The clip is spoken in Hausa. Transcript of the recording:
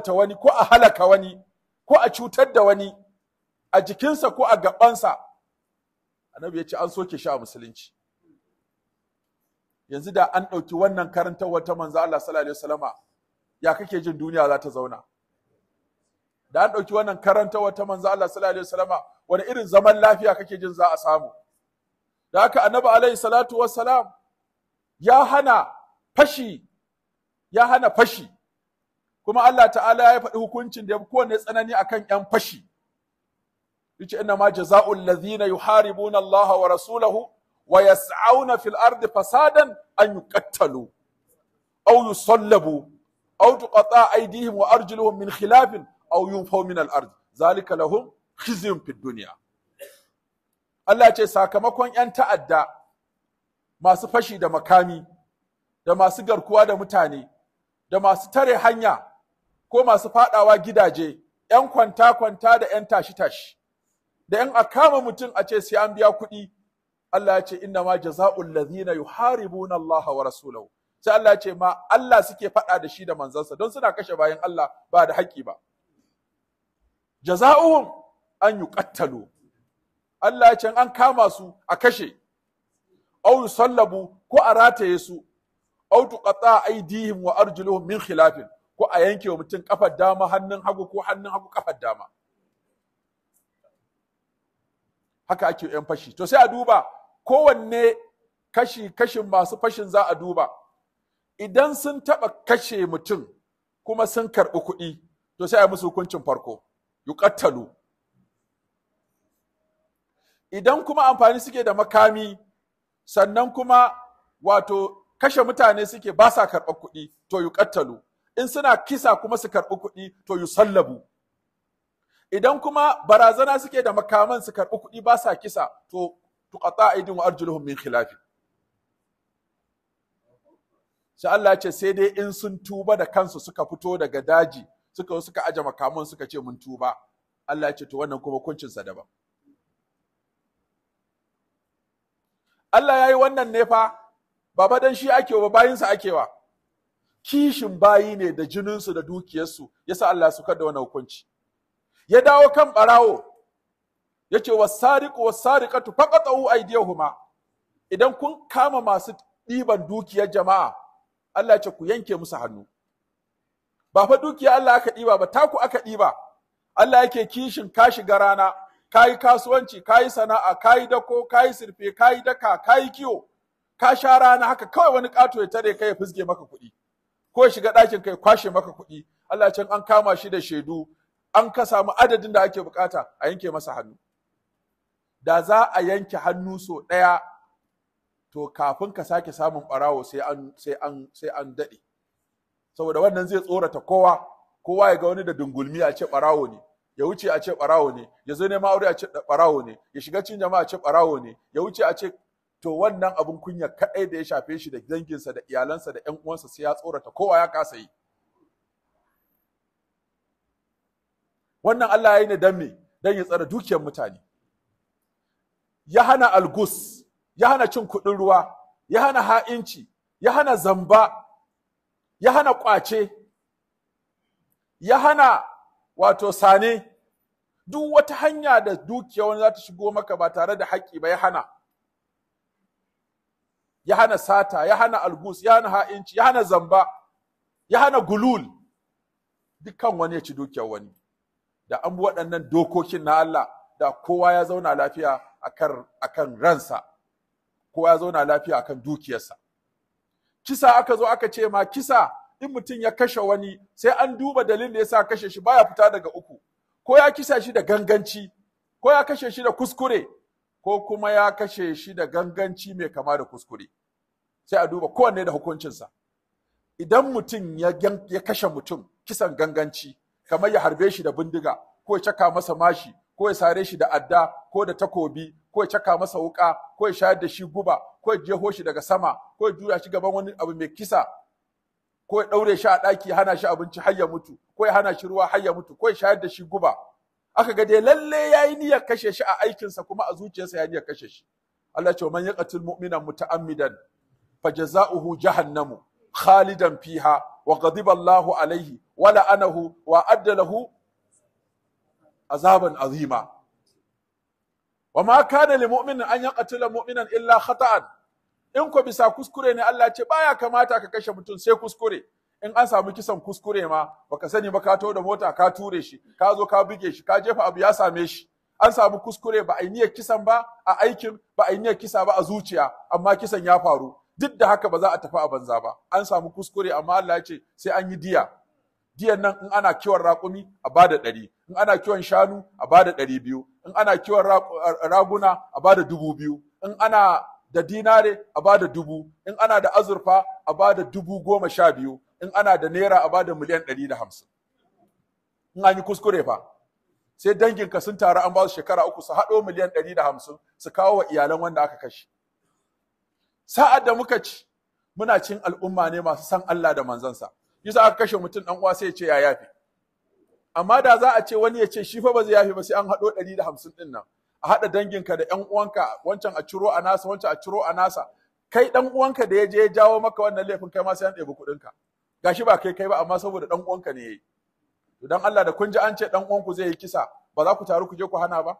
tsorata wani ko a halaka wani ko a cutar da wani a jikinsa ko a gabansa annabi ya ce an soke shi a musulunci yanzu da an ɗauki wannan karantar wata manzo Allah sallallahu alaihi wasallama ya kake jin duniya za ta zauna da an ɗauki wannan karanta wata manzo Allah sallallahu alaihi wasallama wani irin zaman lafiya kake jin za a samu da haka annabi alaihi salatu wassalam ya hana fashi ya hana fashi kuma Allah ta'ala ya faɗi hukuncin da ya kowane tsanani akan yan fashi yace inna ma jazaa'ul ladhina yuharibuna Allah wa rasulahu wa yas'auna fil ardi fasadan an yuqattalu aw yusallabu aw tuqata aydihim wa arjuluhum min khilafin aw yunfaw min al ard zalika lahum khizyun fid dunya Allah ce sakamakon yan ta'adda masu fashi da makami da masu garkuwa da mutane da masu tare hanya ko masu faɗawa gidaje, ‘yan kwanta-kwanta da ‘yan tashi-tashi, da ‘yan a kama mutum a ce sai an biya kuɗi, Allah ya ce inna ma jaza'ul ladhina yuharibuna Allah wa rasulau. Sai Allah ya ce ma Allah suke faɗa da shi da manzansa don suna kashe bayan Allah ba da haƙƙi ba. Jaza'uhum an yi ƙattalo, Allah ya ce an kama su a kashe. Au Sallabu ko a rataye su. Au tuqata wa arjuluhum min khilafin. ko a yanke wa mutum kafar dama hannun hagu ko hannun hagu kafar dama haka ake yan fashi to sai a duba kowanne kashi kashin masu fashin za a duba idan sun taɓa kashe mutum kuma sun karɓi kuɗi to sai a musu hukuncin farko yuqattalu idan kuma amfani suke da makami sannan kuma wato kashe mutane suke ba sa karɓar kuɗi to yuqattalu in suna kisa kuma su karɓi kuɗi to sallabu. idan kuma barazana suke da makaman su karɓi kuɗi ba sa kisa to tuqata aidin wa arjuluhum min khilafi sai Allah ce sai dai in sun tuba da kansu suka fito daga daji suka suka aje makaman suka ce mun tuba Allah ce to wannan kuma kuncin sa daban Allah ya yi wannan ne fa ba dan shi ake wa bayinsa ake wa kishin bayi ne da jininsu da dukiyarsu Ya sa Allah su kada wani hukunci ya dawo kan ɓarawo. Ya ce wa yace wasariqu wasariqatu faqatu aidiyahuma idan kun kama masu ɗiban dukiyar jama'a Allah ce ku yanke musu hannu ba fa dukiya Allah aka ɗiba ba taku aka ɗiba Allah yake kishin ka shiga rana yi kasuwanci ka yi sana'a ka yi dako ka kayi sirfe yi daka ka yi kiwo ka sha rana haka kawai wani ƙato ya tare ka ya fizge maka kuɗi ko ya shiga ɗakin kai kwashe maka kuɗi Allah can an kama shi da shaidu an ka samu adadin da ake bukata a yanke masa hannu da za a yanke hannu so ɗaya to kafin ka sake samun ɓarawo sai an sai an sai an daɗe saboda wannan zai tsorata kowa kowa ya ga wani da dungulmi a ce ɓarawo ne ya wuce a ce ɓarawo ne ya zo neman aure a ce ɓarawo ne ya shiga cin jama'a a ce ɓarawo ne ya wuce a ce to wannan abun kunya kaɗai da ya shafe shi da danginsa da iyalansa da ƴan uwansa sai ya tsorata kowa ya kasa yi wannan Allah ya yi ne dan me dan ya tsara dukiyar mutane ya hana algus ya hana cin kuɗin ruwa ya hana ha'inci ya hana zamba ya hana kwace ya hana wato sane duk wata hanya da dukiya wani za ta shigo maka ba tare da haƙƙi ba ya hana ya hana sata ya hana algus ya hana ha'inci ya hana zamba ya hana gulul dukkan wani ya ci dukiyar wani da an bi waɗannan dokokin na Allah da kowa ya zauna lafiya a kan ransa kowa ya zauna lafiya a kan dukiyarsa kisa aka zo aka ce ma kisa in mutum ya kashe wani sai an duba dalilin da ya sa kashe shi baya fita daga uku ko ya kisa shi da ganganci ko ya kashe shi da kuskure ko kuma ya kashe shi da ganganci mai kama da kuskure sai a duba kowanne da hukuncinsa idan mutum ya kashe mutum kisan ganganci kamar ya harbe shi da bindiga ko ya caka masa mashi ko ya sare shi da adda ko da takobi ko ya caka masa wuka ko ya shayar da shi guba ko ya jeho shi daga sama ko ya juya shi gaban wani abu mai kisa ko ya daure shi a daki hana shi abinci har ya mutu ko ya hana shi ruwa har ya mutu ko ya shayar da shi guba aka ga dai lalle yayi niyyar kashe shi a aikinsa kuma a zuciyarsa yayi niyyar kashe shi Allah ce man yaqatil mu'mina muta'ammidan fajaza'uhu jahannamu khalidan fiha wa ghadiba Allahu alaihi wa la'anahu wa adda azaban azima wa ma kana lil mu'minin an yaqtila mu'minan illa khata'an in ko bisa kuskure ne Allah ce baya kamata ka kashe mutum sai kuskure in an samu kisan kuskure ma baka sani ba ka to da mota ka ture shi ka zo ka buge shi ka jefa abu ya same shi an samu kuskure ba a yi niyyar kisan ba a aikin ba a niyyar kisa ba a zuciya amma kisan ya faru duk da haka ba za a tafi a banza ba an samu kuskure amma Allah ya ce sai an yi diya diyan nan in ana kiwon raƙumi a bada ɗari in ana kiwon shanu a bada ɗari biyu in ana kiwon eh, raguna a bada dubu biyu in ana da dinare a bada dubu in ana da azurfa a bada dubu goma sha biyu in ana da naira a bada miliyan ɗari da hamsin in an yi kuskure fa sai danginka sun taru an ba su shekara uku su haɗo miliyan ɗari da hamsin su kawo wa iyalan wanda aka kashe sa'ad da muka ci muna cin al'umma ne masu san Allah da manzansa yasa aka kashe mutum ɗan uwa sai ya ce ya yafi amma da za a ce wani ya ce shi fa ba zai yafi ba sai an haɗo ɗari da hamsin ɗin nan a haɗa danginka da ƴan uwanka wancan a ciro a nasa wancan a ciro a nasa kai ɗan uwanka da ya je ya jawo maka wannan laifin kai ma sai an ɗebi kuɗinka gashi ba kai kai ba amma saboda dan uwanka ne yayi to dan Allah da kun ji an ce dan uwanku zai yi kisa ba za ku taru ku je ku hana ba